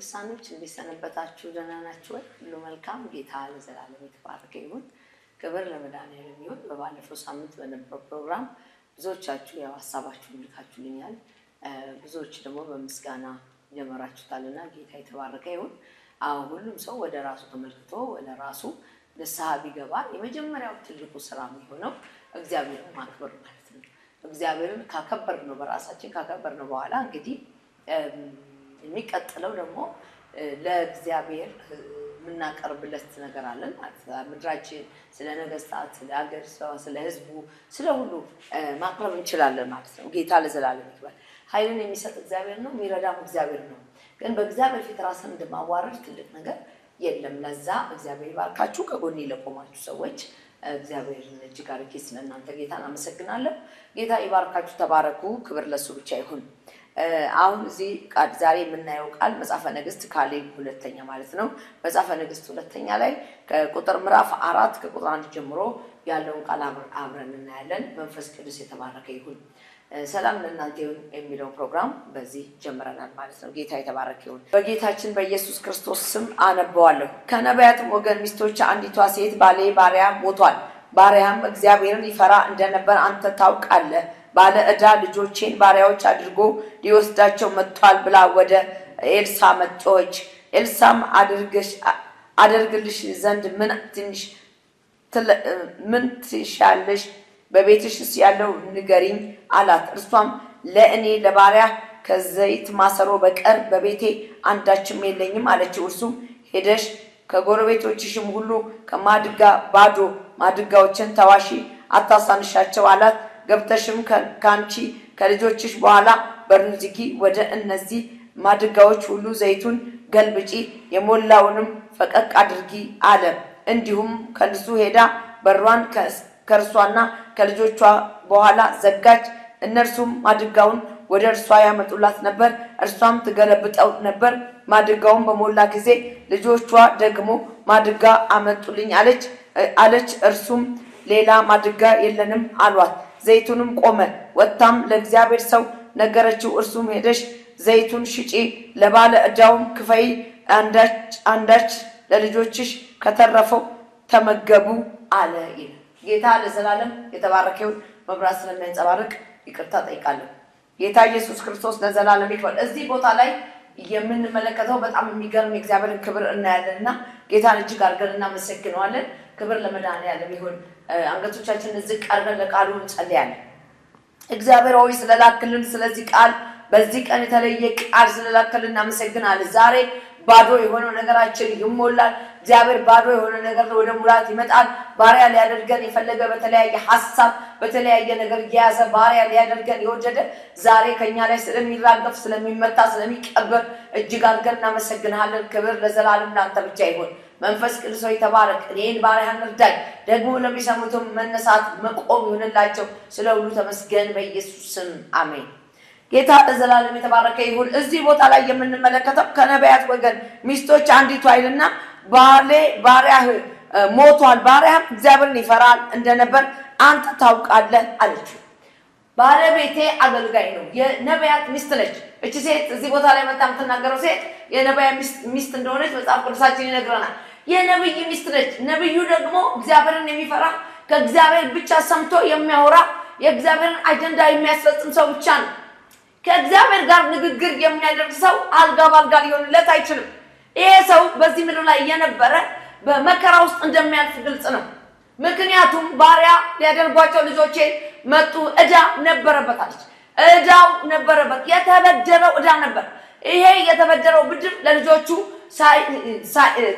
ቅዱሳኖች እንዴት ሰነበታችሁ? ደህና ናችሁ ወይ? ሁሉ መልካም። ጌታ ለዘላለም የተባረከ ይሁን። ክብር ለመድኃኒዓለም ይሁን። በባለፈው ሳምንት በነበረው ፕሮግራም ብዙዎቻችሁ ያው ሀሳባችሁን ልካችሁልኛል። ብዙዎች ደግሞ በምስጋና ጀመራችሁታልና ጌታ የተባረከ ይሁን። አሁን ሁሉም ሰው ወደ ራሱ ተመልክቶ ወደ ራሱ ንስሐ ቢገባ የመጀመሪያው ትልቁ ስራ የሚሆነው እግዚአብሔርን ማክበር ማለት ነው። እግዚአብሔርን ካከበር ነው በራሳችን ካከበር ነው በኋላ እንግዲህ የሚቀጥለው ደግሞ ለእግዚአብሔር የምናቀርብለት ነገር አለን ማለት ነው። ምድራችን፣ ስለ ነገስታት፣ ስለ ሀገር፣ ስለ ህዝቡ፣ ስለ ሁሉ ማቅረብ እንችላለን ማለት ነው። ጌታ ለዘላለም ይባል። ኃይልን የሚሰጥ እግዚአብሔር ነው፣ የሚረዳም እግዚአብሔር ነው። ግን በእግዚአብሔር ፊት ራስን እንደማዋረድ ትልቅ ነገር የለም። ለዛ እግዚአብሔር ይባርካችሁ። ከጎኔ ለቆማችሁ ሰዎች እግዚአብሔርን እጅግ አርጌ ስለ ጌታን አመሰግናለሁ። ጌታ ይባርካችሁ። ተባረኩ። ክብር ለሱ ብቻ ይሁን። አሁን እዚህ ዛሬ የምናየው ቃል መጽሐፈ ነገስት ካሌብ ሁለተኛ ማለት ነው። መጽሐፈ ነገስት ሁለተኛ ላይ ከቁጥር ምዕራፍ አራት ከቁጥር አንድ ጀምሮ ያለውን ቃል አብረን እናያለን። መንፈስ ቅዱስ የተባረከ ይሁን። ሰላም ለእናንተ ይሁን ፕሮግራም በዚህ ጀምረናል ማለት ነው። ጌታ የተባረከ ይሁን። በጌታችን በኢየሱስ ክርስቶስ ስም አነበዋለሁ። ከነቢያትም ወገን ሚስቶች አንዲቷ ሴት ባሌ ባሪያ ሞቷል፣ ባሪያም እግዚአብሔርን ይፈራ እንደነበር አንተ ታውቃለህ ባለ ዕዳ ልጆቼን ባሪያዎች አድርጎ ሊወስዳቸው መጥቷል ብላ ወደ ኤልሳ መጮች። ኤልሳም አደርግልሽ ዘንድ ምን ትንሽ ምን ትሻለሽ? በቤትሽስ ያለው ንገሪኝ አላት። እርሷም ለእኔ ለባሪያ ከዘይት ማሰሮ በቀር በቤቴ አንዳችም የለኝም አለችው። እርሱም ሄደሽ ከጎረቤቶችሽም ሁሉ ከማድጋ ባዶ ማድጋዎችን ተዋሺ፣ አታሳንሻቸው አላት። ገብተሽም ከአንቺ ከልጆችሽ በኋላ በሩን ዝጊ፣ ወደ እነዚህ ማድጋዎች ሁሉ ዘይቱን ገልብጪ፣ የሞላውንም ፈቀቅ አድርጊ አለ። እንዲሁም ከልሱ ሄዳ በሯን ከእርሷና ከልጆቿ በኋላ ዘጋች። እነርሱም ማድጋውን ወደ እርሷ ያመጡላት ነበር፣ እርሷም ትገለብጠው ነበር። ማድጋውን በሞላ ጊዜ ልጆቿ ደግሞ ማድጋ አመጡልኝ አለች አለች። እርሱም ሌላ ማድጋ የለንም አሏት። ዘይቱንም ቆመ። ወጥታም ለእግዚአብሔር ሰው ነገረችው። እርሱም ሄደሽ ዘይቱን ሽጪ፣ ለባለ ዕዳውም ክፈይ፣ አንዳች ለልጆችሽ ከተረፈው ተመገቡ አለ። ጌታ ለዘላለም የተባረከውን መብራት ስለሚያንጸባርቅ ይቅርታ ጠይቃለሁ። ጌታ ኢየሱስ ክርስቶስ ለዘላለም ይክበር። እዚህ ቦታ ላይ የምንመለከተው በጣም የሚገርም የእግዚአብሔርን ክብር እናያለን እና ጌታን እጅግ አድርገን እናመሰግነዋለን። ክብር ለመድኃኔዓለም ይሁን። አንገቶቻችንን ዝቅ አድርገን ለቃሉ እንጸልያለን። እግዚአብሔር ሆይ ስለላክልን ስለዚህ ቃል በዚህ ቀን የተለየ ቃል ስለላክልን እናመሰግናለን። ዛሬ ባዶ የሆነው ነገራችን ይሞላል። እግዚአብሔር ባዶ የሆነ ነገር ወደ ሙላት ይመጣል። ባሪያ ሊያደርገን የፈለገ በተለያየ ሀሳብ በተለያየ ነገር እየያዘ ባሪያ ሊያደርገን የወደደ ዛሬ ከኛ ላይ ስለሚራገፍ፣ ስለሚመታ፣ ስለሚቀበር እጅግ አድርገን እናመሰግናለን ክብር ለዘላለም ለአንተ ብቻ ይሆን። መንፈስ ቅዱስ ሆይ ተባረክ፣ እኔን ባሪያህን እርዳኝ፣ ደግሞ ለሚሰሙትም መነሳት መቆም ይሁንላቸው። ስለ ሁሉ ተመስገን፣ በኢየሱስ ስም አሜን። ጌታ ለዘላለም የተባረከ ይሁን። እዚህ ቦታ ላይ የምንመለከተው ከነቢያት ወገን ሚስቶች አንዲቱ አይልና ባሌ ባሪያህ ሞቷል፣ ባሪያህ እግዚአብሔርን ይፈራል እንደነበር አንተ ታውቃለህ አለችው። ባለቤቴ አገልጋይ ነው። የነቢያት ሚስት ነች። እች ሴት እዚህ ቦታ ላይ መጣ የምትናገረው ሴት የነቢያ ሚስት እንደሆነች መጽሐፍ ቅዱሳችን ይነግረናል። የነብይ ሚስት ነች። ነብዩ ደግሞ እግዚአብሔርን የሚፈራ ከእግዚአብሔር ብቻ ሰምቶ የሚያወራ የእግዚአብሔርን አጀንዳ የሚያስፈጽም ሰው ብቻ ነው። ከእግዚአብሔር ጋር ንግግር የሚያደርግ ሰው አልጋ ባልጋ ሊሆንለት አይችልም። ይሄ ሰው በዚህ ምድር ላይ የነበረ በመከራ ውስጥ እንደሚያልፍ ግልጽ ነው። ምክንያቱም ባሪያ ሊያደርጓቸው ልጆቼ መጡ። እዳ ነበረበት አለች። እዳው ነበረበት፣ የተበደረው እዳ ነበር። ይሄ የተበደረው ብድር ለልጆቹ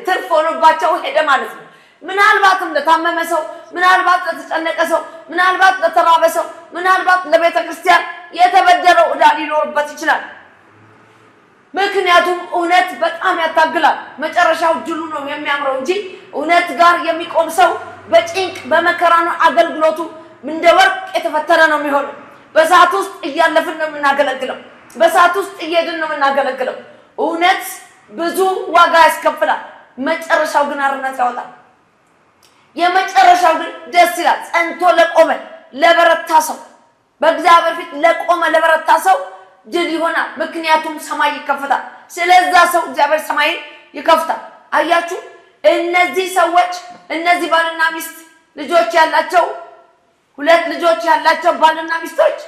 ትርፍ ሆኖባቸው ሄደ ማለት ነው። ምናልባትም ለታመመ ሰው፣ ምናልባት ለተጨነቀ ሰው፣ ምናልባት ለተራበ ሰው፣ ምናልባት ለቤተ ክርስቲያን የተበደረው ዕዳ ሊኖርበት ይችላል። ምክንያቱም እውነት በጣም ያታግላል። መጨረሻው ድሉ ነው የሚያምረው እንጂ እውነት ጋር የሚቆም ሰው በጭንቅ በመከራ ነው አገልግሎቱ እንደ ወርቅ የተፈተነ ነው የሚሆነው። በሰዓት ውስጥ እያለፍን ነው የምናገለግለው። በሰዓት ውስጥ እየሄድን ነው የምናገለግለው እውነት ብዙ ዋጋ ያስከፍላል። መጨረሻው ግን አርነት ያወጣል። የመጨረሻው ግን ደስ ይላል። ጸንቶ ለቆመ ለበረታ ሰው በእግዚአብሔር ፊት ለቆመ ለበረታ ሰው ድል ይሆናል። ምክንያቱም ሰማይ ይከፍታል። ስለዛ ሰው እግዚአብሔር ሰማይ ይከፍታል። አያችሁ፣ እነዚህ ሰዎች እነዚህ ባልና ሚስት ልጆች ያላቸው ሁለት ልጆች ያላቸው ባልና ሚስቶች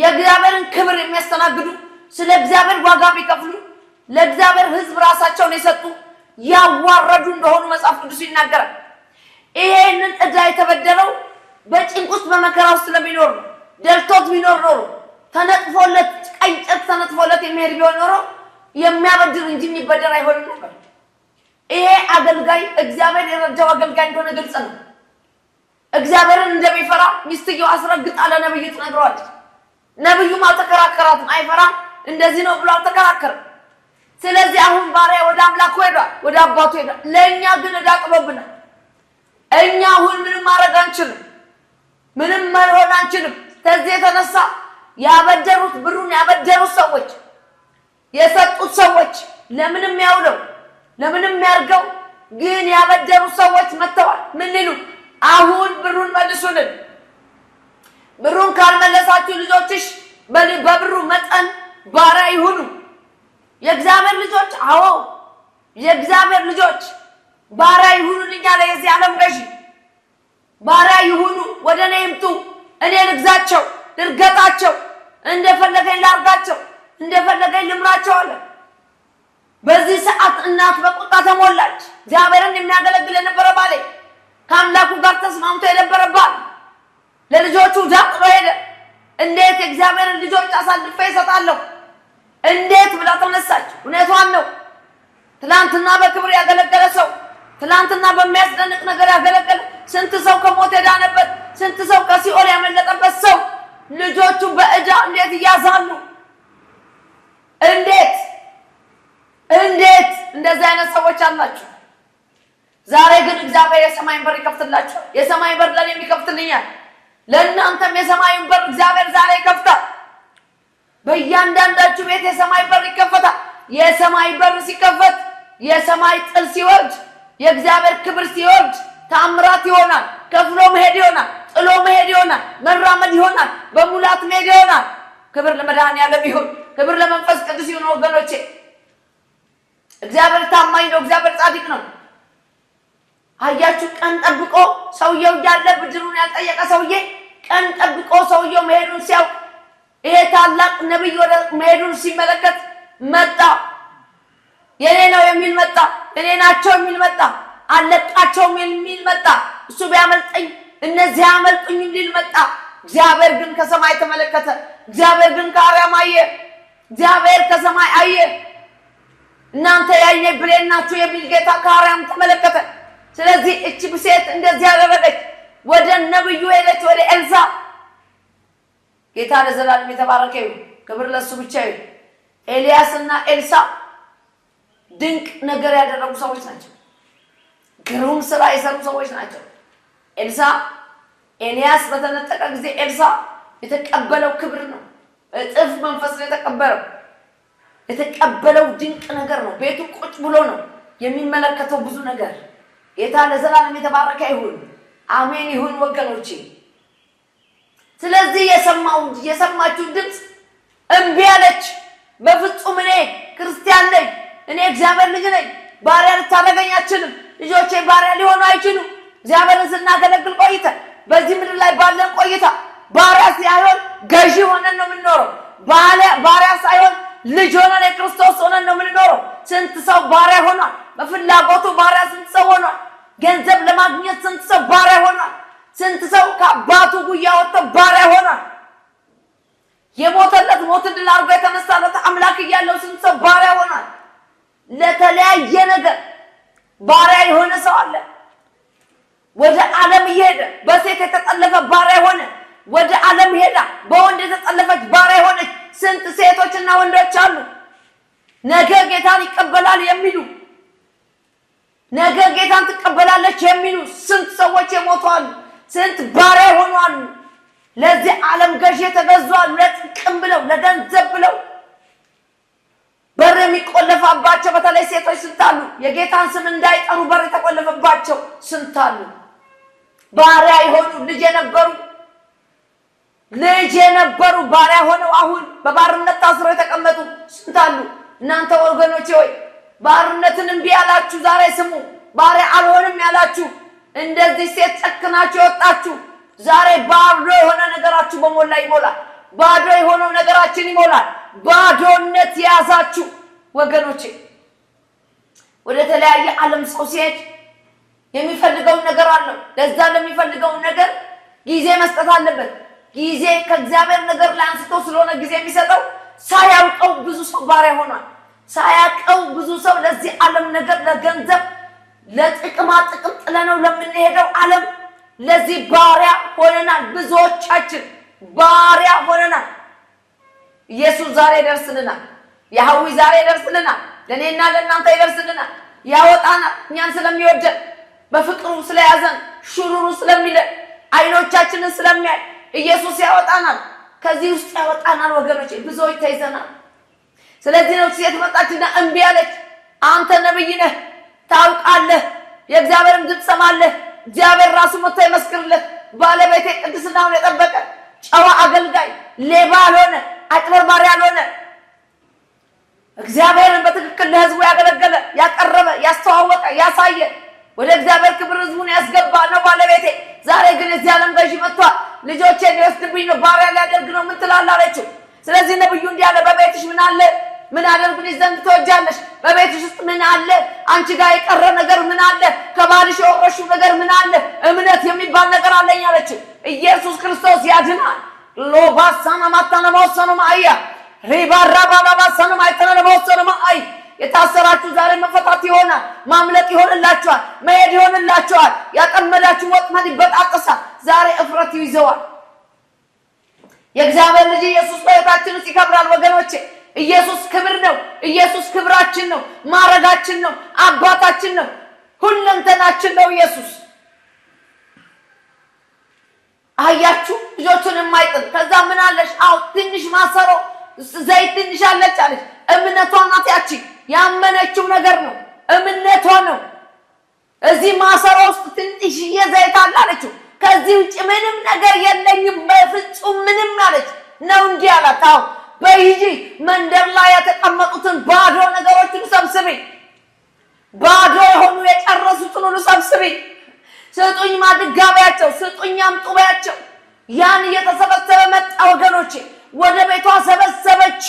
የእግዚአብሔርን ክብር የሚያስተናግዱ ስለ እግዚአብሔር ዋጋ የሚከፍሉ ለእግዚአብሔር ሕዝብ ራሳቸውን የሰጡ ያዋረዱ እንደሆኑ መጽሐፍ ቅዱስ ይናገራል። ይሄንን ዕዳ የተበደረው በጭንቅ ውስጥ በመከራ ውስጥ ለሚኖር ነው። ደልቶት ቢኖር ኖሮ ተነጥፎለት፣ ቀይ ጨርቅ ተነጥፎለት የሚሄድ ቢሆን ኖሮ የሚያበድር እንጂ የሚበደር አይሆንም ነበር። ይሄ አገልጋይ እግዚአብሔር የረጃው አገልጋይ እንደሆነ ግልጽ ነው። እግዚአብሔርን እንደሚፈራ ሚስትየው አስረግጣ ለነብዩ ትነግረዋለች። ነብዩም አልተከራከራትም። አይፈራም እንደዚህ ነው ብሎ አልተከራከርም። ስለዚህ አሁን ባሪያ ወደ አምላኩ ሄዷል፣ ወደ አባቱ ሄዷል። ለእኛ ግን ዕዳ እኛ አሁን ምንም ማድረግ አንችልም፣ ምንም መሆን አንችልም። ከዚህ የተነሳ ያበደሩት ብሩን ያበደሩት ሰዎች የሰጡት ሰዎች ለምንም ያውለው ለምንም ያርገው ግን ያበደሩት ሰዎች መጥተዋል። ምን ይሉ አሁን ብሩን መልሱልን፣ ብሩን ካልመለሳችሁ ልጆችሽ በብሩ መጠን ባሪያ ይሁኑ የእግዚአብሔር ልጆች አዎ፣ የእግዚአብሔር ልጆች ባሪያ ይሁኑልኝ አለ የዚህ ዓለም ገዢ። ባሪያ ይሁኑ፣ ወደ እኔ ይምጡ፣ እኔ ልግዛቸው፣ ልርገጣቸው፣ እንደፈለገኝ ላርጋቸው፣ እንደፈለገኝ ልምራቸው አለ። በዚህ ሰዓት እናት በቁጣ ተሞላች። እግዚአብሔርን የሚያገለግል የነበረ ባሌ ከአምላኩ ጋር ተስማምቶ የነበረ ባል ለልጆቹ ዳቅሎ ሄደ። እንዴት የእግዚአብሔርን ልጆች አሳልፌ ይሰጣለሁ? እንዴት ብላ ተነሳች። እውነቷን ነው። ትላንትና በክብር ያገለገለ ሰው ትላንትና በሚያስደንቅ ነገር ያገለገለ ስንት ሰው ከሞት የዳነበት ስንት ሰው ከሲኦል ያመለጠበት ሰው ልጆቹ በእጃ እንዴት እያዛሉ እንዴት እንዴት እንደዚህ አይነት ሰዎች አላችሁ። ዛሬ ግን እግዚአብሔር የሰማይን በር ይከፍትላችኋል። የሰማይን በር ለኔም ይከፍትልኛል። ለእናንተም የሰማይን በር እግዚአብሔር ዛሬ ይከፍታል። በእያንዳንዳችሁ ቤት የሰማይ በር ይከፈታል። የሰማይ በር ሲከፈት፣ የሰማይ ጥል ሲወርድ፣ የእግዚአብሔር ክብር ሲወርድ ታምራት ይሆናል። ከፍሎ መሄድ ይሆናል። ጥሎ መሄድ ይሆናል። መራመድ ይሆናል። በሙላት መሄድ ይሆናል። ክብር ለመድኃኔዓለም ይሁን። ክብር ለመንፈስ ቅዱስ ይሁን። ወገኖቼ እግዚአብሔር ታማኝ ነው። እግዚአብሔር ጻድቅ ነው። አያችሁ፣ ቀን ጠብቆ ሰውየው እያለ ብድሩን ያልጠየቀ ሰውዬ ቀን ጠብቆ ሰውየው መሄዱን ሲያውቅ ይሄ ታላቅ ነቢይ ወደ መሄዱን ሲመለከት መጣ። የኔ ነው የሚል መጣ። የኔ ናቸው የሚል መጣ። አለቃቸውም የሚል መጣ። እሱ ቢያመልጠኝ እነዚህ አመልጡኝ የሚል መጣ። እግዚአብሔር ግን ከሰማይ ተመለከተ። እግዚአብሔር ግን ከአርያም አየ። እግዚአብሔር ከሰማይ አየ። እናንተ ያየ ብሌን ናችሁ የሚል ጌታ ከአርያም ተመለከተ። ስለዚህ እቺ ብሴት እንደዚህ ያደረገች ወደ ነብዩ ሄደች፣ ወደ ኤልሳ ጌታ ለዘላለም የተባረከ ይሁን። ክብር ለሱ ብቻ ይሁን። እና ኤልሳ ድንቅ ነገር ያደረጉ ሰዎች ናቸው። ግሩም ስራ የሰሩ ሰዎች ናቸው። ኤልሳ ኤልያስ በተነጠቀ ጊዜ ኤልሳ የተቀበለው ክብር ነው። እጥፍ መንፈስ ነው የተቀበለው። የተቀበለው ድንቅ ነገር ነው። ቤቱ ቁጭ ብሎ ነው የሚመለከተው ብዙ ነገር። ጌታ ለዘላለም የተባረከ ይሁን። አሜን ይሁን ወገኖቼ። ስለዚህ የሰማው የሰማችው ድምፅ እምቢ አለች። በፍጹም እኔ ክርስቲያን ነኝ፣ እኔ እግዚአብሔር ልጅ ነኝ፣ ባሪያ ልታደርገኝ አትችልም፣ ልጆቼ ባሪያ ሊሆኑ አይችሉም። እግዚአብሔርን ስናገለግል ቆይተ በዚህ ምድር ላይ ባለን ቆይታ ባሪያ ሳይሆን ገዢ ሆነን ነው የምንኖረው። ባሪያ ሳይሆን ልጅ ሆነን የክርስቶስ ሆነን ነው የምንኖረው። ስንት ሰው ባሪያ ሆኗል፣ በፍላጎቱ ባሪያ ስንት ሰው ሆኗል፣ ገንዘብ ለማግኘት ስንት ሰው ባሪያ ሆኗል። ስንት ሰው ከአባቱ ጉያ ወጥቶ ባሪያ ሆነ። የሞተለት ሞት ድል አድርጎ የተነሳለት አምላክ እያለው ስንት ሰው ባሪያ ሆኗል። ለተለያየ ነገር ባሪያ የሆነ ሰው አለ። ወደ ዓለም እየሄደ በሴት የተጠለፈ ባሪያ ሆነ። ወደ ዓለም ሄዳ በወንድ የተጠለፈች ባሪያ የሆነች ስንት ሴቶችና ወንዶች አሉ ነገ ጌታን ይቀበላል የሚሉ ነገ ጌታን ትቀበላለች የሚሉ ስንት ሰዎች የሞቱ አሉ። ስንት ባሪያ ሆኗል። ለዚህ ዓለም ገዢ የተገዟል። ለጥቅም ብለው ለገንዘብ ብለው በር የሚቆለፋባቸው በተለይ ሴቶች ስንት አሉ። የጌታን ስም እንዳይጠሩ በር የተቆለፈባቸው ስንታሉ። ባሪያ የሆኑ ልጅ የነበሩ ልጅ የነበሩ ባሪያ ሆነው አሁን በባርነት ታስረው የተቀመጡ ስንት አሉ። እናንተ ወገኖቼ ሆይ ባርነትን እምቢ ያላችሁ ዛሬ ስሙ። ባሪያ አልሆንም ያላችሁ እንደዚህ ሴት ጨክናችሁ የወጣችሁ ዛሬ ባዶ የሆነ ነገራችሁ በሞላ ይሞላል። ባዶ የሆነው ነገራችን ይሞላል። ባዶነት የያዛችሁ ወገኖቼ ወደ ተለያየ ዓለም ሰው ሲሄድ የሚፈልገውን ነገር አለው። ለዛ ለሚፈልገውን ነገር ጊዜ መስጠት አለበት። ጊዜ ከእግዚአብሔር ነገር ላይ አንስቶ ስለሆነ ጊዜ የሚሰጠው ሳያውቀው ብዙ ሰው ባሪያ ሆኗል። ሳያውቀው ብዙ ሰው ለዚህ ዓለም ነገር ለገንዘብ ለጥቅማ ጥቅም ጥለነው ለምንሄደው ዓለም ለዚህ ባሪያ ሆነናል። ብዙዎቻችን ባሪያ ሆነናል። ኢየሱስ ዛሬ ይደርስልናል። የሐዊ ዛሬ ይደርስልናል። ለእኔና ለእናንተ ይደርስልናል። ያወጣናል። እኛን ስለሚወደን በፍቅሩ ስለያዘን ሹሩሩ ስለሚለን አይኖቻችንን ስለሚያይ ኢየሱስ ያወጣናል። ከዚህ ውስጥ ያወጣናል። ወገኖች ብዙዎች ተይዘናል። ስለዚህ ነው ሴት መጣችና እምቢ አለች። አንተ ነብይ ነህ ታውቃለህ። የእግዚአብሔርን ድምፅ ሰማለህ። እግዚአብሔር ራሱ ሞቶ ይመስክርልህ። ባለቤቴ ቅድስናውን የጠበቀ ጨዋ አገልጋይ፣ ሌባ ያልሆነ፣ አጭበርባሪ ያልሆነ እግዚአብሔርን በትክክል ለህዝቡ ያገለገለ፣ ያቀረበ፣ ያስተዋወቀ፣ ያሳየ ወደ እግዚአብሔር ክብር ህዝቡን ያስገባ ነው ባለቤቴ። ዛሬ ግን እዚህ ዓለም ገዢ መጥቷል፣ ልጆቼን ሊወስድብኝ ነው፣ ባሪያ ሊያደርግ ነው። ምን ትላለህ አለችው። ስለዚህ ነብዩ እንዲህ አለ፣ በቤትሽ ምን አለ? ምን አደርግልሽ ዘንድ ትወጃለሽ? በቤትሽ ውስጥ ምን አለ? አንቺ ጋር የቀረ ነገር ምን አለ? ከባልሽ የወረሽው ነገር ምን አለ? እምነት የሚባል ነገር አለኝ አለች። ኢየሱስ ክርስቶስ ያድናል። ሎባሳና ማታነ ማአያ ሪባራ ባባባሰኑ ማይተነ ማአይ የታሰራችሁ ዛሬ መፈታት ይሆናል። ማምለጥ ይሆንላችኋል። መሄድ ይሆንላችኋል። ያጠመዳችሁ ወጥመድ ይበጣጠሳል። ዛሬ እፍረት ይዘዋል። የእግዚአብሔር ልጅ ኢየሱስ በሕይወታችን ውስጥ ይከብራል ወገኖቼ ኢየሱስ ክብር ነው። ኢየሱስ ክብራችን ነው፣ ማረጋችን ነው፣ አባታችን ነው፣ ሁለንተናችን ነው ኢየሱስ። አያችሁ ልጆቹን የማይጥል ከዛ ምን አለሽ? አዎ ትንሽ ማሰሮ ዘይት ትንሽ አለች አለች። እምነቷ ናት ያቺ ያመነችው ነገር ነው እምነቷ ነው። እዚህ ማሰሮ ውስጥ ትንሽዬ ዘይት አለ አለችው። ከዚህ ውጭ ምንም ነገር የለኝም በፍጹም ምንም አለች። ነው እንዲህ አላት። አዎ በይጂ መንደር ላይ የተቀመጡትን ባዶ ነገሮችን ሰብስቢ፣ ባዶ የሆኑ የጨረሱትን ሁሉ ሰብስቢ። ስጡኝ ማድጋ በያቸው፣ ስጡኝ አምጡ በያቸው። ያን እየተሰበሰበ መጣ ወገኖቼ፣ ወደ ቤቷ ሰበሰበች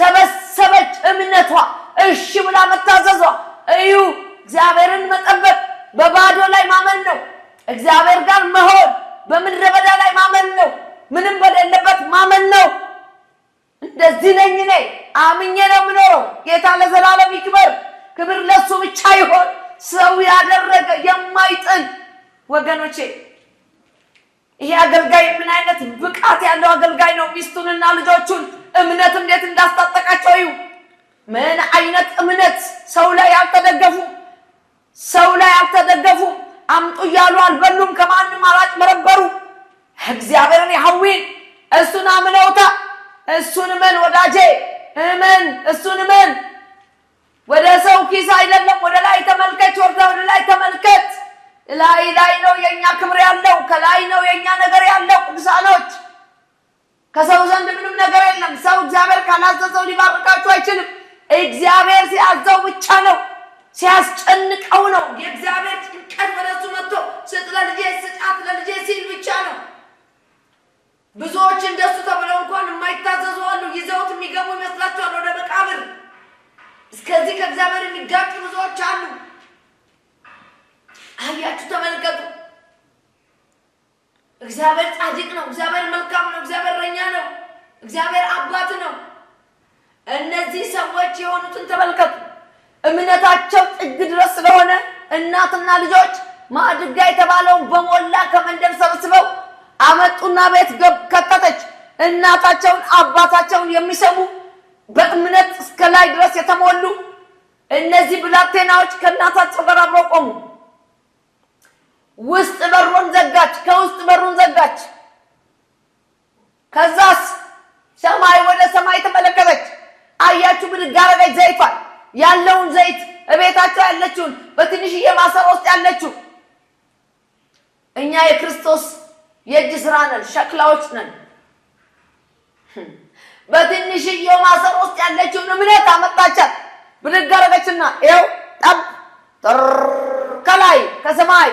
ሰበሰበች። እምነቷ እሺ ብላ መታዘዟ እዩ። እግዚአብሔርን መጠበቅ በባዶ ላይ ማመን ነው። እግዚአብሔር ጋር መሆን በምድረ በዳ ላይ ማመን ነው። ምንም በሌለበት ማመን ነው። እንደዚህ ነኝ እኔ አምኜ ነው የምኖረው። ጌታ ለዘላለም ይክበር። ክብር ለሱ ብቻ ይሆን። ሰው ያደረገ የማይጥል ወገኖቼ፣ ይሄ አገልጋይ ምን አይነት ብቃት ያለው አገልጋይ ነው! ሚስቱንና ልጆቹን እምነት እንዴት እንዳስታጠቃቸው እዩ። ምን አይነት እምነት! ሰው ላይ አልተደገፉ፣ ሰው ላይ አልተደገፉ። አምጡ እያሉ አልበሉም፣ ከማንም መረበሩ? እግዚአብሔርን ያህዌን እሱን አምነውታ እሱን እመን ወዳጄ እመን፣ እሱን እመን። ወደ ሰው ኪስ አይደለም። ወደ ላይ ተመልከች፣ ወርዳ ወደ ላይ ተመልከት። ላይ ላይ ነው የእኛ ክብር ያለው፣ ከላይ ነው የእኛ ነገር ያለው። ቅዱሳኖች፣ ከሰው ዘንድ ምንም ነገር የለም። ሰው እግዚአብሔር ካላዘዘው ሊባርካችሁ አይችልም። እግዚአብሔር ሲያዘው ብቻ ነው። ሲያስጨንቀው ነው። የእግዚአብሔር ጭንቀት ወደሱ መጥቶ ስጥ ለልጄ ስጫት ለልጄ ሲል ብቻ ነው። ብዙዎች እንደሱ ተብለው እንኳን የማይታዘዙ አሉ። ይዘውት የሚገቡ ይመስላቸዋል ወደ መቃብር። እስከዚህ ከእግዚአብሔር የሚጋጩ ብዙዎች አሉ። አያችሁ፣ ተመልከቱ። እግዚአብሔር ጻድቅ ነው። እግዚአብሔር መልካም ነው። እግዚአብሔር ረኛ ነው። እግዚአብሔር አባት ነው። እነዚህ ሰዎች የሆኑትን ተመልከቱ። እምነታቸው ጥግ ድረስ ስለሆነ እናትና ልጆች ማድጋ የተባለውን በሞላ ከመንደብ ሰብስበው አመጡና ቤት ገብ ከተተች። እናታቸውን አባታቸውን የሚሰሙ በእምነት እስከ ላይ ድረስ የተሞሉ እነዚህ ብላቴናዎች ከእናታቸው ጋር አብረው ቆሙ። ውስጥ በሩን ዘጋች፣ ከውስጥ በሩን ዘጋች። ከዛስ ሰማይ ወደ ሰማይ ተመለከተች። አያችሁ ምን አደረገች። ዘይቷል ያለውን ዘይት እቤታቸው ያለችውን በትንሽዬ ማሰሮ ውስጥ ያለችው እኛ የክርስቶስ የእጅ ስራ ነን፣ ሸክላዎች ነን። በትንሽዬው ማሰሮ ውስጥ ያለችውን እምነት አመጣቻት ብድግ አደረገችና ይኸው ጠብ ጥር ከላይ ከሰማይ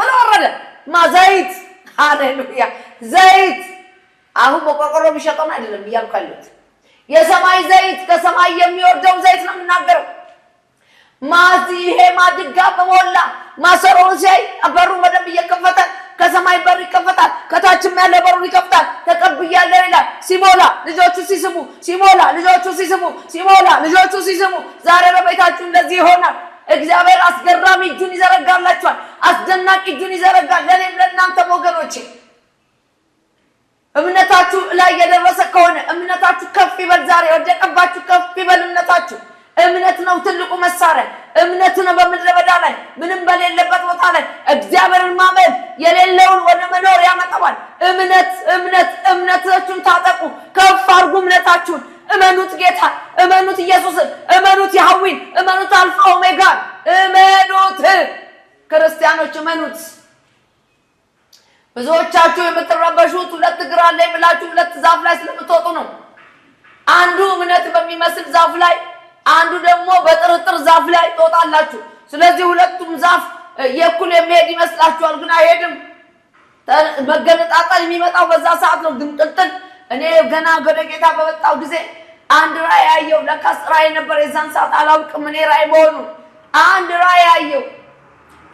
ብሎ ወረደ ዘይት፣ ሃሌሉያ ዘይት። አሁን በቆርቆሮ የሚሸጠውን አይደለም እያልኩ ያለሁት የሰማይ ዘይት፣ ከሰማይ የሚወርደው ዘይት ነው የምናገረው። ማዚ ይሄ ማድጋ በሞላ ማሰሮውን ሲያይ በሩ በደንብ እየከፈተ ከሰማይ በር ይከፈታል፣ ከታችም ያለ በሩ ይከፍታል። ተቀብያለሁ ይላል። ሲሞላ ልጆቹ ሲስሙ፣ ሲሞላ ልጆቹ ሲስሙ፣ ሲሞላ ልጆቹ ሲስሙ። ዛሬ በቤታችሁ እንደዚህ ይሆናል። እግዚአብሔር አስገራሚ እጁን ይዘረጋላችኋል። አስደናቂ እጁን ይዘረጋል። ለእኔም ለእናንተ ወገኖቼ እምነታችሁ ላይ የደረሰ ከሆነ እምነታችሁ ከፍ ይበል። ዛሬ ወደቀባችሁ ከፍ ይበል እምነታችሁ። እምነት ነው ትልቁ መሳሪያ። እምነት ነው። በምድረ በዳ ላይ ምንም በሌለበት ቦታ ላይ እግዚአብሔርን ማመን የሌለውን ወደ መኖር ያመጣዋል። እምነት እምነት እምነታችሁን ታጠቁ፣ ከፍ አድርጉ እምነታችሁን። እመኑት ጌታ፣ እመኑት ኢየሱስን፣ እመኑት ያህዊን፣ እመኑት አልፋ ኦሜጋ እመኑት ክርስቲያኖች፣ እመኑት። ብዙዎቻችሁ የምትረበሹት ሁለት እግር አለ ብላችሁ ሁለት ዛፍ ላይ ስለምትወጡ ነው። አንዱ እምነት በሚመስል ዛፍ ላይ አንዱ ደግሞ በጥርጥር ዛፍ ላይ ትወጣላችሁ። ስለዚህ ሁለቱም ዛፍ የእኩል የሚሄድ ይመስላችኋል፣ ግን አይሄድም። መገነጣጠል የሚመጣው በዛ ሰዓት ነው። ድንቅልጥል እኔ ገና ወደ ጌታ በመጣው ጊዜ አንድ ራእይ ያየው። ለካስ ራእይ ነበር፣ የዛን ሰዓት አላውቅም እኔ ራእይ መሆኑ። አንድ ራእይ ያየው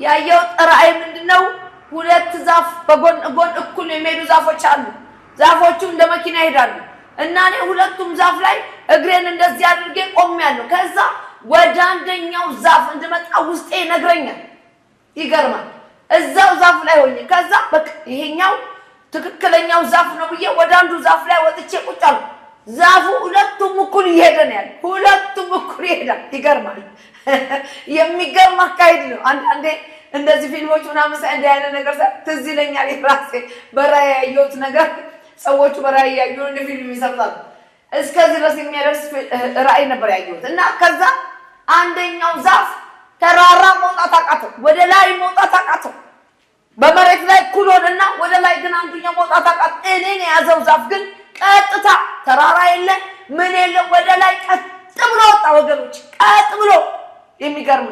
ያየው ራእይ ምንድን ነው? ሁለት ዛፍ በጎን ጎን እኩል የሚሄዱ ዛፎች አሉ። ዛፎቹ እንደ መኪና ይሄዳሉ። እና እኔ ሁለቱም ዛፍ ላይ እግሬን እንደዚህ አድርጌ ቆሜያለሁ። ከዛ ወደ አንደኛው ዛፍ እንድመጣ ውስጤ ይነግረኛል። ይገርማል። እዛው ዛፍ ላይ ሆኜ ከዛ በቃ ይሄኛው ትክክለኛው ዛፍ ነው ብዬ ወደ አንዱ ዛፍ ላይ ወጥቼ ቁጭ አልኩ። ዛፉ ሁለቱም እኩል እየሄደ ነው ያለ፣ ሁለቱም እኩል ይሄዳል። ይገርማል። የሚገርም አካሄድ ነው። አንዳንዴ እንደዚህ ፊልሞች ምናምን ሳይ እንዲህ አይነት ነገር ትዝ ይለኛል። የራሴ በራ ያየሁት ነገር ሰዎቹ በራእይ ያዩ እንደ ፊልም ይሰርታሉ። እስከዚህ ድረስ የሚያደርስ ራእይ ነበር ያየሁት። እና ከዛ አንደኛው ዛፍ ተራራ መውጣት አቃተው፣ ወደ ላይ መውጣት አቃተው። በመሬት ላይ እኩል ሆነና ወደ ላይ ግን አንዱኛው መውጣት አቃተው። እኔን የያዘው ዛፍ ግን ቀጥታ ተራራ የለ ምን የለ ወደ ላይ ቀጥ ብሎ ወጣ። ወገኖች ቀጥ ብሎ የሚገርም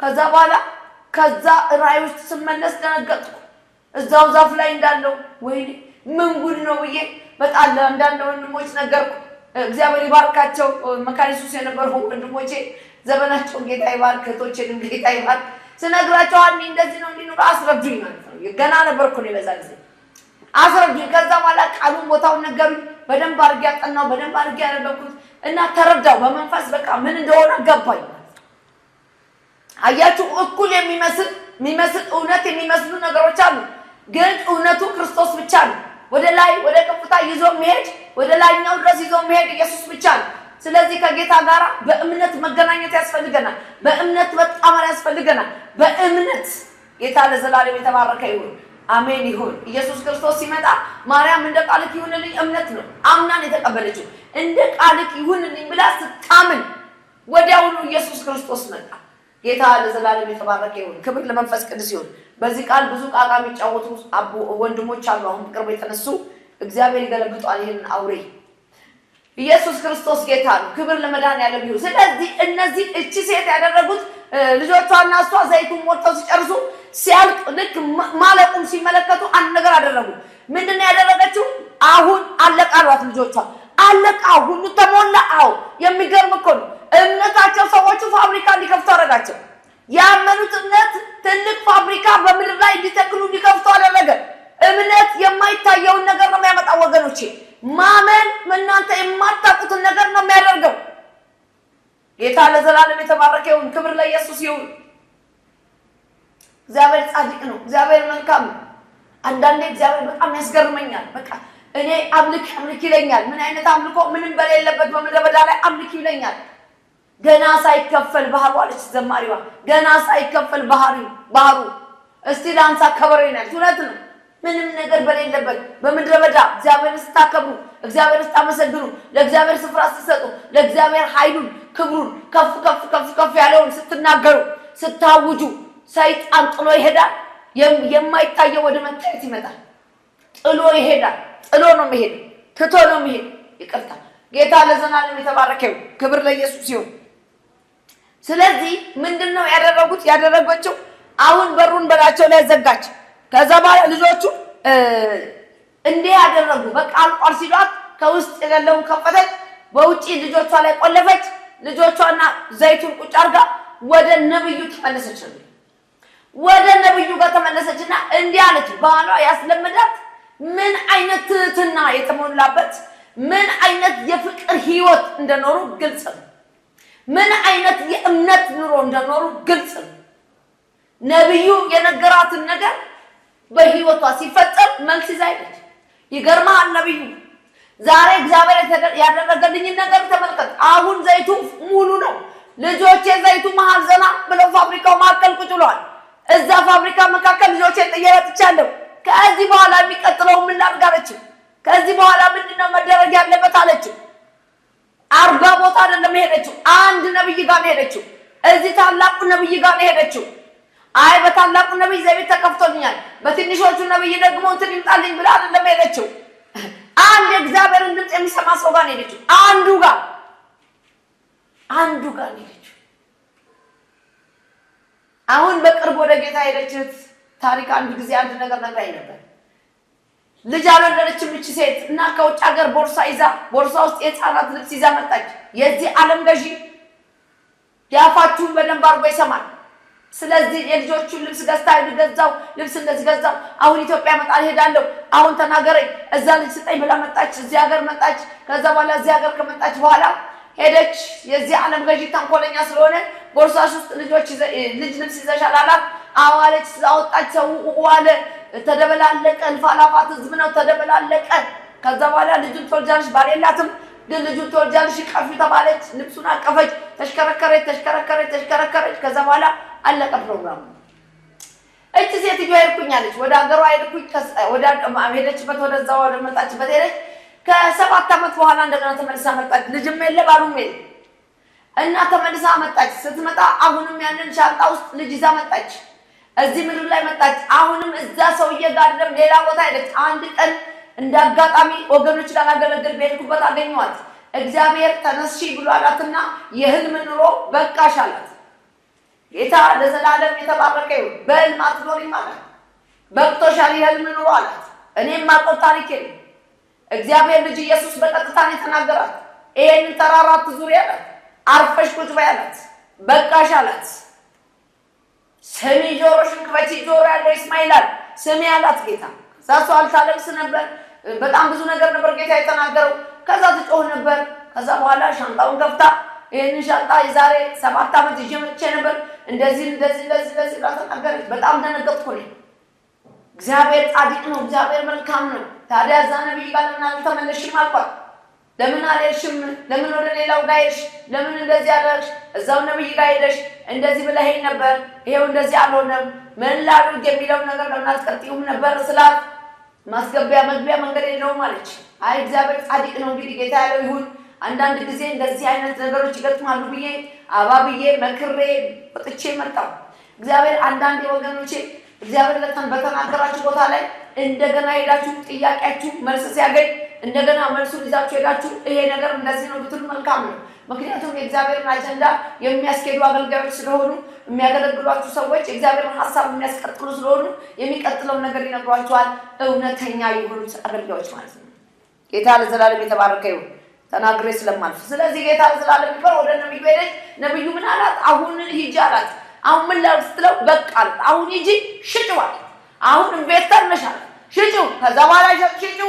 ከዛ በኋላ ከዛ ራእይ ውስጥ ስመለስ ደነገጥኩ። እዛው ዛፍ ላይ እንዳለው ወይ ምን ጉድ ነው ብዬ በጣም ለአንዳንድ ወንድሞች ነገርኩ። እግዚአብሔር ይባርካቸው። መካኒሱስ የነበሩ ወንድሞቼ ዘመናቸውን ጌታ ይባርክ፣ እህቶቼንም ጌታ ይባርክ። ስነግራቸው አሚ እንደዚህ ነው እንዲኖረ አስረዱኝ ማለት ነው። ገና ነበርኩ ነው በዛ ጊዜ አስረዱኝ። ከዛ በኋላ ቃሉን ቦታውን ነገሩኝ። በደንብ አድርጌ ያጠናው በደንብ አድርጌ ያነበኩት እና ተረዳው በመንፈስ በቃ ምን እንደሆነ ገባኝ። አያችሁ እኩል የሚመስል የሚመስል እውነት የሚመስሉ ነገሮች አሉ፣ ግን እውነቱ ክርስቶስ ብቻ ነው። ወደ ላይ ወደ ከፍታ ይዞ መሄድ ወደ ላይኛው ድረስ ይዞ መሄድ ኢየሱስ ብቻ ነው። ስለዚህ ከጌታ ጋር በእምነት መገናኘት ያስፈልገናል። በእምነት መጣመር ያስፈልገናል። በእምነት ጌታ ለዘላለም የተባረከ ይሁን። አሜን ይሁን። ኢየሱስ ክርስቶስ ሲመጣ ማርያም እንደ ቃልክ ይሁንልኝ እምነት ነው አምናን የተቀበለችው። እንደ ቃልክ ይሁንልኝ ብላ ስታምን ወዲያውኑ ኢየሱስ ክርስቶስ መጣ። ጌታ ለዘላለም የተባረከ ይሁን። ክብር ለመንፈስ ቅዱስ ይሁን። በዚህ ቃል ብዙ ቃቃ የሚጫወቱ ወንድሞች አሉ። አሁን ቅርብ የተነሱ እግዚአብሔር ይገለብጧል ይህንን አውሬ። ኢየሱስ ክርስቶስ ጌታ ነው። ክብር ለመድኃኒዓለም ይሁን። ስለዚህ እነዚህ እቺ ሴት ያደረጉት ልጆቿና እሷ ዘይቱን ሞልተው ሲጨርሱ ሲያልቅ ልክ ማለቁም ሲመለከቱ አንድ ነገር አደረጉ። ምንድን ነው ያደረገችው? አሁን አለቃ አሏት ልጆቿ። አለቃ ሁሉ ተሞላ። አዎ የሚገርም እኮ ነው። እምነታቸው ሰዎቹ ፋብሪካ እንዲከፍቱ አደረጋቸው። ያመኑት እምነት ትልቅ ፋብሪካ በምድር ላይ እንዲተክሉ እንዲከፍቱ አደረገ። እምነት የማይታየውን ነገር ነው የሚያመጣው ወገኖቼ። ማመን እናንተ የማታውቁትን ነገር ነው የሚያደርገው። ጌታ ለዘላለም የተባረከ ይሁን። ክብር ለኢየሱስ ይሁን። እግዚአብሔር ጻድቅ ነው። እግዚአብሔር መልካም ነው። አንዳንዴ እግዚአብሔር በጣም ያስገርመኛል። በቃ እኔ አምልክ አምልክ ይለኛል። ምን አይነት አምልኮ? ምንም በሌለበት በምድረ በዳ ላይ አምልክ ይለኛል። ገና ሳይከፈል ባህሩ አለች ዘማሪዋ። ገና ሳይከፈል ባህሪ ባህሩ እስቲ ላንሳ ከበሮ ይናል። እውነት ነው። ምንም ነገር በሌለበት በምድረ በዳ እግዚአብሔር ስታከብሩ፣ እግዚአብሔር ስታመሰግኑ፣ ለእግዚአብሔር ስፍራ ስትሰጡ፣ ለእግዚአብሔር ኃይሉን ክብሩን ከፍ ከፍ ከፍ ከፍ ያለውን ስትናገሩ፣ ስታውጁ ሰይጣን ጥሎ ይሄዳል። የማይታየው ወደ መታየት ይመጣል። ጥሎ ይሄዳል። ጥሎ ነው የሚሄድ፣ ትቶ ነው የሚሄድ። ይቅርታ ጌታ ለዘላለም የተባረከው። ክብር ለኢየሱስ ይሁን። ስለዚህ ምንድን ነው ያደረጉት? ያደረገችው አሁን በሩን በላቸው ላይ ዘጋች። ከዛ በኋላ ልጆቹ እንዲህ ያደረጉ በቃ አልቋል ሲሏት ከውስጥ የሌለውን ከፈተች፣ በውጪ ልጆቿ ላይ ቆለፈች። ልጆቿና ዘይቱን ቁጭ አርጋ ወደ ነብዩ ተመለሰች። ወደ ነብዩ ጋር ተመለሰችና እንዲህ አለች። ባህሏ ያስለመዳት ምን አይነት ትህትና የተሞላበት ምን አይነት የፍቅር ህይወት እንደኖሩ ግልጽ ነው። ምን አይነት የእምነት ኑሮ እንደኖሩ ግልጽ ነው። ነቢዩ የነገራትን ነገር በህይወቷ ሲፈጸም መልስ ይዛይለች። ይገርማል። ነቢዩ ዛሬ እግዚአብሔር ያደረገልኝን ነገር ተመልከት። አሁን ዘይቱ ሙሉ ነው። ልጆቼ ዘይቱ መሀል ዘና ብለው ፋብሪካው መካከል ቁጭ ብለዋል። እዛ ፋብሪካ መካከል ልጆቼ ጥዬ ወጥቻለሁ። ከዚህ በኋላ የሚቀጥለው ምን ላድርግ አለችው። ከዚህ በኋላ ምንድነው መደረግ ያለበት አለችው። አርባ ቦታ አይደለም የሄደችው፣ አንድ ነብይ ጋር ነው ሄደችው። እዚህ ታላቁ ነብይ ጋር ነው ሄደችው። አይ በታላቁ ነብይ ዘቤት ተከፍቶልኛል፣ በትንሾቹ ነብይ ደግሞ እንትን ይምጣልኝ ብላ አይደለም ሄደችው። አንድ የእግዚአብሔርን ድምፅ የሚሰማ ሰው ጋር ነው ሄደችው። አንዱ ጋር አንዱ ጋር ነው ሄደችው። አሁን በቅርብ ወደ ጌታ ሄደችት ታሪክ አንድ ጊዜ አንድ ነገር ነግራኝ ነበር። ልጅ አልወለደችም ይቺ ሴት እና ከውጭ ሀገር ቦርሳ ይዛ ቦርሳ ውስጥ የህፃናት ልብስ ይዛ መጣች። የዚህ ዓለም ገዢ የአፋችሁን በደንብ አድርጎ ይሰማል። ስለዚህ የልጆቹን ልብስ ገዝታ ገዛው ልብስ እንደዚህ ገዛው። አሁን ኢትዮጵያ መጣል ሄዳለሁ አሁን ተናገረኝ እዛ ልጅ ስጠኝ ብላ መጣች። እዚህ ሀገር መጣች። ከዛ በኋላ እዚህ ሀገር ከመጣች በኋላ ሄደች። የዚህ ዓለም ገዢ ተንኮለኛ ስለሆነ ቦርሳሽ ውስጥ ልጆች ልጅ ልብስ ይዘሻል አላት። አዋለች አወጣች። ሰው ዋለ ተደበላለቀ። እልፍ አላፋት ህዝብ ነው፣ ተደበላለቀ። ከዛ በኋላ ልጁን ትወልጃለሽ፣ ባል የላትም ግን ልጁን ትወልጃለሽ፣ ቀፊ ተባለች። ልብሱን አቀፈች፣ ተሽከረከረች፣ ተሽከረከረች፣ ተሽከረከረች። ከዛ በኋላ አለቀ ፕሮግራሙ። እቺ ሴትዮ ሄድኩኝ አለች፣ ወደ ሀገሯ ሄድኩኝ። ሄደችበት፣ ወደዛ ወደ ሄደች። ከሰባት ዓመት በኋላ እንደገና ተመልሳ መጣች። ልጅም የለ ባሉም የለ እና ተመልሳ መጣች። ስትመጣ አሁንም ያንን ሻንጣ ውስጥ ልጅ ይዛ መጣች። እዚህ ምድር ላይ መጣች። አሁንም እዛ ሰውዬ ጋር ደም ሌላ ቦታ ሄደች። አንድ ቀን እንደ አጋጣሚ ወገኖች ላላገለግል በሄድኩበት አገኘኋት። እግዚአብሔር ተነስሺ ብሎ አላትና የህልም ኑሮ በቃሽ አላት። ጌታ ለዘላለም የተባረቀ ይሁን። በህልም አትኖሪም ማለት በቅቶሻል የህልም ኑሮ አላት። እኔም ታሪክ ታሪኬ እግዚአብሔር ልጅ ኢየሱስ በቀጥታ ነው የተናገራት። ይሄንን ተራራ አትዙሪ አላት። አርፈሽ ቁጭ በይ አላት። በቃሽ አላት። ስሚ ጆሮሽን ክፈቺ፣ ጆሮ ያለው ይስማ ይላል። ስሚ ያላት ጌታ። እዛ ሰው አልታለቅስ ነበር። በጣም ብዙ ነገር ነበር ጌታ የተናገረው። ከዛ ትጮህ ነበር። ከዛ በኋላ ሻንጣውን ከፍታ ይህንን ሻንጣ የዛሬ ሰባት ዓመት ይዤ መጥቼ ነበር እንደዚህ እንደዚህ እንደዚህ እንደዚህ ብላ ተናገረች። በጣም ደነገጥኩ እግዚአብሔር ጻድቅ ነው፣ እግዚአብሔር መልካም ነው። ታዲያ እዛ ነቢይ ጋር ለምን አልተመለስሽም አልኳት። ለምን አልሄድሽም? ለምን ወደ ሌላው ጋር ሄድሽ? ለምን እንደዚህ አደረግሽ? እዛው ነብይ ጋር ሄደሽ እንደዚህ ብለኸኝ ነበር፣ ይሄው እንደዚህ አልሆነም፣ ምን ላድርግ የሚለው ነገር ለምን አትቀጥይውም ነበር ስላት ማስገቢያ መግቢያ መንገድ የለውም አለች። አይ እግዚአብሔር ጻድቅ ነው እንግዲህ ጌታ ያለው ይሁን። አንዳንድ ጊዜ እንደዚህ አይነት ነገሮች ይገጥማሉ ብዬ አባ ብዬ መክሬ ወጥቼ መጣሁ። እግዚአብሔር አንዳንዴ ወገኖቼ እግዚአብሔር ለተን በተናገራችሁ ቦታ ላይ እንደገና ሄዳችሁ ጥያቄያችሁ መልስ ሲያገኝ እንደገና መልሱ ይዛችሁ ሄዳችሁ ይሄ ነገር እንደዚህ ነው ብትሉ መልካም ነው። ምክንያቱም የእግዚአብሔርን አጀንዳ የሚያስኬዱ አገልጋዮች ስለሆኑ የሚያገለግሏችሁ ሰዎች የእግዚአብሔርን ሀሳብ የሚያስቀጥሉ ስለሆኑ የሚቀጥለው ነገር ይነግሯቸዋል። እውነተኛ የሆኑት አገልጋዮች ማለት ነው። ጌታ ለዘላለም የተባረከ ይሁን። ተናግሬ ስለማልፍ ስለዚህ ጌታ ለዘላለም ይበር ወደ ነቢዩ ሄደች። ነቢዩ ምን አላት? አሁን ሂጂ አላት። አሁን ምን ላድርግ ስትለው በቃ አላት። አሁን ሂጂ ሽጭዋል። አሁን ቤት ነሻል ሽጩ። ከዛ በኋላ ሽጩ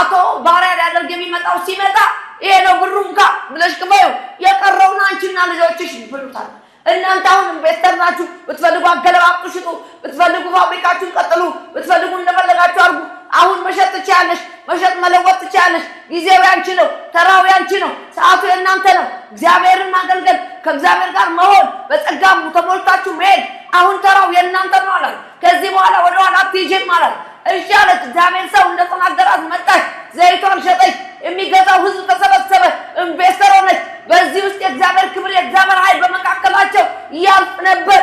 አቶ ባሪያ ሊያደርግ የሚመጣው ሲመጣ ይሄ ነው ብሩን ጋ ብለሽ ቅበዩ፣ የቀረውን አንቺና ልጆችሽ ይብሉታል። እናንተ አሁን ቤተሰብናችሁ ብትፈልጉ አገለባብጡ፣ ሽጡ። ብትፈልጉ ፋብሪካችሁን ቀጥሉ። ብትፈልጉ እንደፈለጋችሁ አርጉ። አሁን መሸጥ ትችያለሽ፣ መሸጥ መለወጥ ትችያለሽ። ጊዜው ያንቺ ነው፣ ተራው ያንቺ ነው፣ ሰዓቱ የእናንተ ነው። እግዚአብሔርን ማገልገል፣ ከእግዚአብሔር ጋር መሆን፣ በጸጋም ተሞልታችሁ መሄድ፣ አሁን ተራው የእናንተ ነው አላል። ከዚህ በኋላ ወደኋላ አትሄጂም አላል። እሺ አለች። እግዚአብሔር ሰው እንደተናገራት መጣች፣ ዘይቷን ሸጠች፣ የሚገዛው ህዝብ ተሰበሰበ፣ ኢንቬስተር ሆነች። በዚህ ውስጥ የእግዚአብሔር ክብር፣ የእግዚአብሔር ኃይል በመካከላቸው ያልፍ ነበር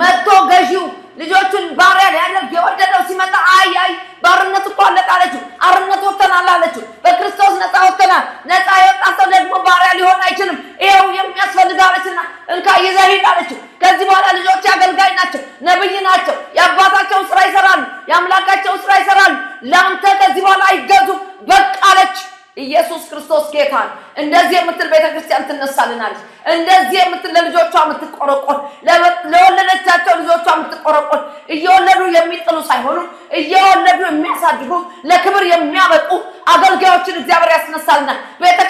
መጥቶ ገዢው ልጆቹን ባሪያ ሊያደርግ የወደደው ሲመጣ አይ አይ ባርነት እኮ አለቀ አለችው። አርነት ወጥተናል አለችው። በክርስቶስ ነፃ ወጥተናል። ነፃ የወጣ ሰው ደግሞ ባሪያ ሊሆን አይችልም። ይኸው የሚያስፈልግ አለችና እንካ ይዘህ ሂድ አለችው። ከዚህ በኋላ ልጆች አገልጋይ ናቸው፣ ነብይ ናቸው። የአባታቸውን ስራ ይሰራሉ፣ የአምላካቸውን ስራ ይሰራሉ። ለአንተ ከዚህ በኋላ አይገዙም። በቃ አለች። ኢየሱስ ክርስቶስ ጌታን እንደዚህ የምትል ቤተክርስቲያን ትነሳልናለች። እንደዚህ የምትል ለልጆቿ የምትቆረቆር ለወለደቻቸው ልጆቿ የምትቆረቆር እየወለዱ የሚጥሉ ሳይሆኑ እየወለዱ የሚያሳድጉ ለክብር የሚያበቁ አገልጋዮችን እግዚአብሔር ያስነሳልናል።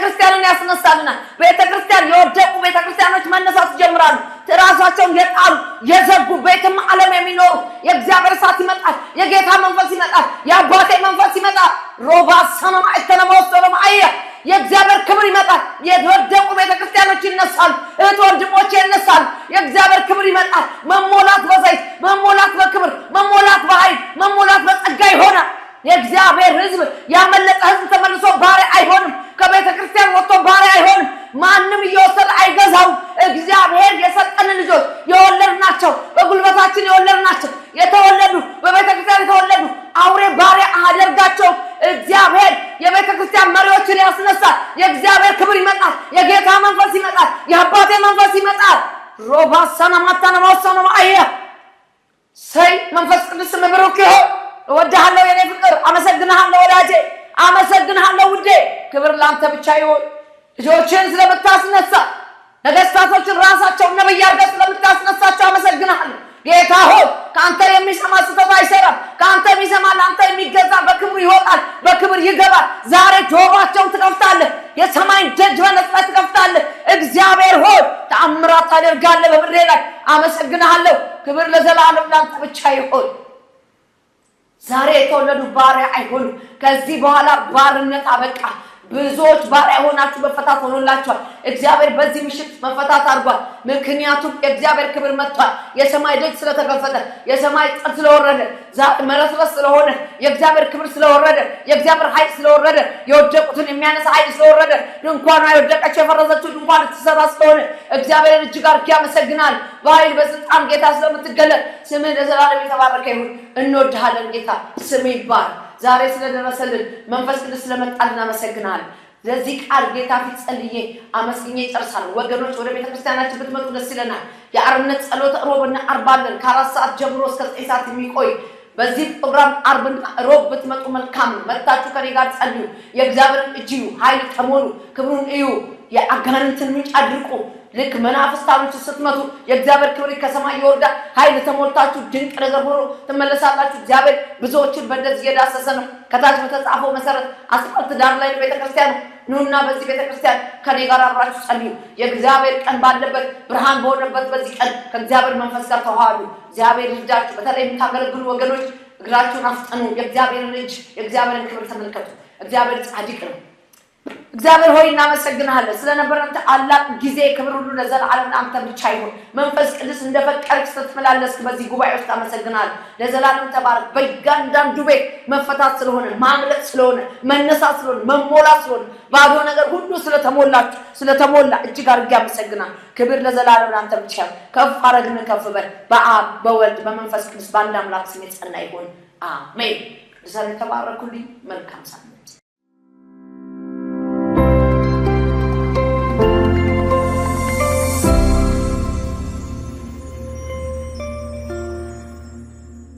ክርስቲያንን ያስነሳልናል። ቤተክርስቲያን የወደቁ ክርስቲያኖች መነሳት ይጀምራሉ። ራሳቸውን የጣሉ የዘጉ ቤት ዓለም የሚኖሩ የእግዚአብሔር እሳት ይመጣል። የጌታ መንፈስ ይመጣል። የአባቴ መንፈስ ይመጣል። ሮባ ሰመማ እተለመወስዶ አየ የእግዚአብሔር ክብር ይመጣል። የወደቁ ቤተክርስቲያኖች ይነሳሉ። እህት ይነሳሉ። የእግዚአብሔር ክብር ይመጣል። መሞላት በዘይት መሞላት በክብር መሞላት በኃይል መሞላት በጸጋ ይሆናል። የእግዚአብሔር ሕዝብ ያመለጠ ሕዝብ ተመልሶ ባሪያ አይሆንም። ከቤተ ክርስቲያን ወጥቶ ባሪያ አይሆንም። ማንም እየወሰደ አይገዛው እግዚአብሔር የሰጠን ልጆች የወለድናቸው፣ በጉልበታችን የወለድናቸው፣ የተወለዱ በቤተ ክርስቲያን የተወለዱ አውሬ ባሪያ አደርጋቸው። እግዚአብሔር የቤተ ክርስቲያን መሪዎችን ያስነሳል። የእግዚአብሔር ክብር ይመጣል። የጌታ መንፈስ ይመጣል። የአባቴ መንፈስ ይመጣል። ሮባ ሰናማታነማሰነማ አያ ሰይ መንፈስ ቅዱስ ምብሩክ ይሆን እወድሃለሁ የኔ ፍቅር፣ አመሰግንሃለሁ ወዳጄ፣ አመሰግንሃለሁ ውዴ። ክብር ለአንተ ብቻ ይሆን። ልጆችን ስለምታስነሳ ነገስታቶችን ራሳቸው ነብይ አድርገህ ስለምታስነሳቸው አመሰግንሃለሁ ጌታ ሆይ። ከአንተ የሚሰማ ስህተት አይሰራም። ከአንተ የሚሰማ ለአንተ የሚገዛ በክብር ይወጣል፣ በክብር ይገባል። ዛሬ ጆሯቸውን ትከፍታለህ፣ የሰማይን ደጅ በነጥበህ ትከፍታለህ። እግዚአብሔር ሆይ ተአምራት ታደርጋለህ በምድሬ ላይ። አመሰግንሃለሁ። ክብር ለዘላለም ለአንተ ብቻ ይሆን። ዛሬ የተወለዱ ባሪያ አይሆኑም። ከዚህ በኋላ ባርነት አበቃ። ብዙዎች ባሪያ የሆናችሁ መፈታት ሆኖላችኋል። እግዚአብሔር በዚህ ምሽት መፈታት አድርጓል። ምክንያቱም የእግዚአብሔር ክብር መጥቷል። የሰማይ ደጅ ስለተከፈተ፣ የሰማይ ጠር ስለወረደ፣ መለስለስ ስለሆነ፣ የእግዚአብሔር ክብር ስለወረደ፣ የእግዚአብሔር ኃይል ስለወረደ፣ የወደቁትን የሚያነሳ ኃይል ስለወረደ፣ ድንኳኗ የወደቀች የፈረሰችው ድንኳን ትሰራ ስለሆነ እግዚአብሔርን እጅግ አድርጌ ያመሰግናል። በኃይል በስልጣን ጌታ ስለምትገለጥ ስምህ ለዘላለም የተባረከ ይሁን። እንወድሃለን ጌታ ስም ይባል ዛሬ ስለደረሰልን መንፈስ ቅዱስ ስለመጣል እናመሰግናለን። ለዚህ ቃል ጌታ ፊት ጸልዬ አመስግኜ ይጨርሳል። ወገኖች ወደ ቤተ ክርስቲያናችን ብትመጡ ደስ ይለናል። የአርብነት ጸሎት ሮብና አርባለን ከአራት ሰዓት ጀምሮ እስከ ዘጠኝ ሰዓት የሚቆይ በዚህ ፕሮግራም አርብና ሮብ ብትመጡ መልካም ነው። መጥታችሁ ከኔ ጋር ጸልዩ። የእግዚአብሔርን እጅዩ ኃይል ተሞሉ፣ ክብሩን እዩ፣ የአጋንንትን ምንጭ አድርቁ። ልክ መናፍስታኖች ስትመቱ የእግዚአብሔር ክብር ከሰማይ ይወርዳል። ኃይል ተሞልታችሁ ድንቅ ነገር ሆኖ ትመለሳላችሁ። እግዚአብሔር ብዙዎችን በደዝ እየዳሰሰ ነው። ከታች በተጻፈው መሰረት አስፋልት ዳር ላይ ቤተክርስቲያን ኑና በዚህ ቤተክርስቲያን ከኔ ጋር አብራችሁ ጸልዩ። የእግዚአብሔር ቀን ባለበት ብርሃን በሆነበት በዚህ ቀን ከእግዚአብሔር መንፈስ ጋር ተዋሃዱ። እግዚአብሔር ልጃችሁ በተለይ የምታገለግሉ ወገኖች እግራችሁን አፍጥኑ። የእግዚአብሔርን እጅ የእግዚአብሔርን ክብር ተመልከቱ። እግዚአብሔር ጻድቅ ነው። እግዚአብሔር ሆይ እናመሰግናለን ስለነበረን ታላቅ ጊዜ። ክብር ሁሉ ለዘላለም አንተ ብቻ ይሁን። መንፈስ ቅዱስ እንደፈቀድክ ስትመላለስክ በዚህ ጉባኤ ውስጥ አመሰግናለሁ። ለዘላለም ተባረክ። በእያንዳንዱ ቤት መፈታት ስለሆነ ማምለጥ ስለሆነ መነሳት ስለሆነ መሞላት ስለሆነ ባዶ ነገር ሁሉ ስለተሞላችሁ ስለተሞላ እጅግ አድርጌ አመሰግናለሁ። ክብር ለዘላለም አንተ ብቻ ይሁን። ከፍ አረግን ከፍ በል። በአብ በወልድ በመንፈስ ቅዱስ በአንድ አምላክ ስም የጸና ይሁን። አሜን። ለዛሬ ተባረኩልኝ። መልካም ሳምንት